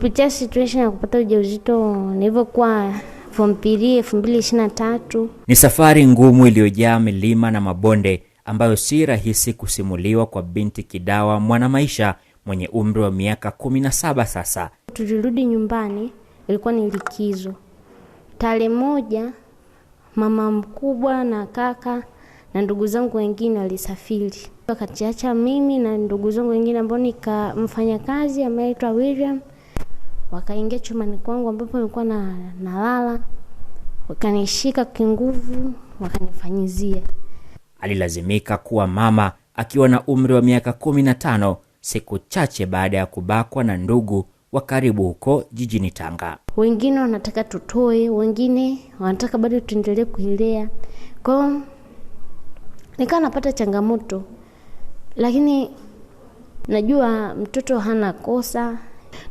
Kupitia situation ya kupata ujauzito nilivyokuwa form 2023, ni safari ngumu iliyojaa milima na mabonde ambayo si rahisi kusimuliwa kwa binti Kidawa Mwanamaisha mwenye umri wa miaka 17 sasa. Tulirudi nyumbani, ilikuwa ni likizo. Tarehe moja, mama mkubwa na kaka na ndugu zangu wengine walisafiri, wakatiacha mimi na ndugu zangu wengine ambao nikamfanya kazi ameitwa William wakaingia chumani kwangu ambapo nilikuwa na nalala, wakanishika kinguvu, wakanifanyizia. Alilazimika kuwa mama akiwa na umri wa miaka kumi na tano siku chache baada ya kubakwa na ndugu wa karibu huko jijini Tanga. Wengine wanataka tutoe, wengine wanataka bado tuendelee kuilea. Kwa hiyo nikawa napata changamoto, lakini najua mtoto hana kosa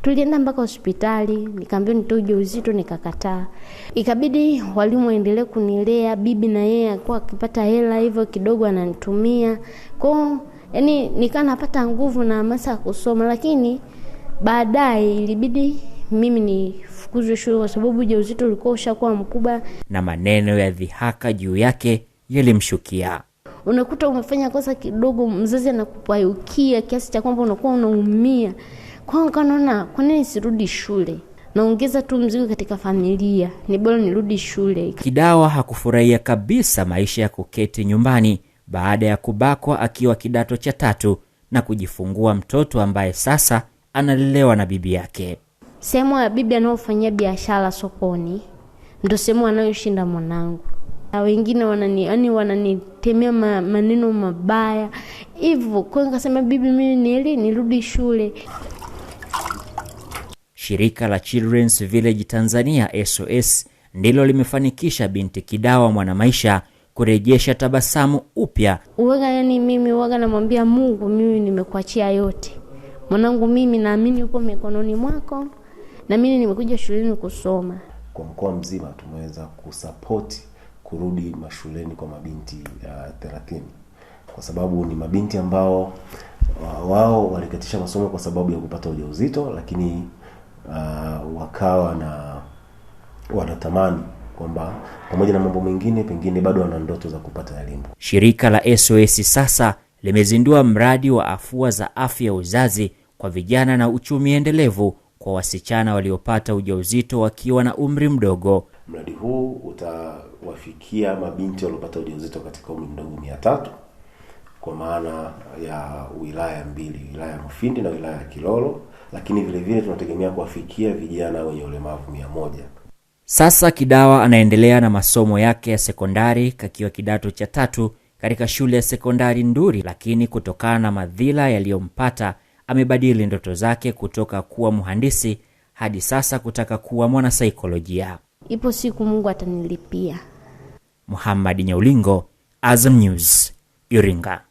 Tulienda mpaka hospitali, nikaambiwa nitoe ujauzito, nikakataa. Ikabidi walimu waendelee kunilea, bibi na yeye akuwa akipata hela hivyo kidogo ananitumia kwao, yani nikaa napata nguvu na hamasa ya kusoma, lakini baadaye ilibidi mimi nifukuzwe shule kwa sababu ujauzito ulikuwa ushakuwa mkubwa, na maneno ya dhihaka juu yake yalimshukia. Unakuta umefanya kosa kidogo, mzazi anakupayukia kiasi cha kwamba unakuwa unaumia. Kwa hiyo naona kwa nini sirudi shule? Naongeza tu mzigo katika familia, ni bora nirudi shule. Kidawa hakufurahia kabisa maisha ya kuketi nyumbani baada ya kubakwa akiwa kidato cha tatu na kujifungua mtoto ambaye sasa analelewa na bibi yake. Sehemu ya bibi anayofanyia biashara sokoni ndo sehemu anayoshinda mwanangu na wengine wanani yani wananitemea ma, maneno mabaya hivyo. Kwa hiyo bibi, mimi nili nirudi shule. Shirika la Children's Village Tanzania SOS ndilo limefanikisha binti Kidawa Mwanamaisha kurejesha tabasamu upya. Uwaga yani, mimi uwaga namwambia Mungu, mimi nimekuachia yote mwanangu, mimi naamini uko mikononi mwako, na mimi nimekuja shuleni kusoma. Kwa mkoa mzima tumeweza kusapoti kurudi mashuleni kwa mabinti uh, thelathini kwa sababu ni mabinti ambao wao walikatisha masomo kwa sababu ya kupata ujauzito, lakini uh, wakawa na wanatamani kwamba pamoja na mambo mengine pengine bado wana ndoto za kupata elimu. Shirika la SOS sasa limezindua mradi wa afua za afya ya uzazi kwa vijana na uchumi endelevu kwa wasichana waliopata ujauzito wakiwa na umri mdogo. Mradi huu utawafikia mabinti waliopata ujauzito katika umri mdogo mia tatu kwa maana ya wilaya mbili, wilaya ya Mufindi na wilaya ya Kilolo, lakini vile vile tunategemea kuwafikia vijana wenye ulemavu mia moja. Sasa Kidawa anaendelea na masomo yake ya sekondari kakiwa kidato cha tatu katika shule ya sekondari Nduri, lakini kutokana na madhila yaliyompata amebadili ndoto zake kutoka kuwa mhandisi hadi sasa kutaka kuwa mwanasaikolojia. Ipo siku Mungu atanilipia. Muhammad Nyaulingo, Azam News. 유린가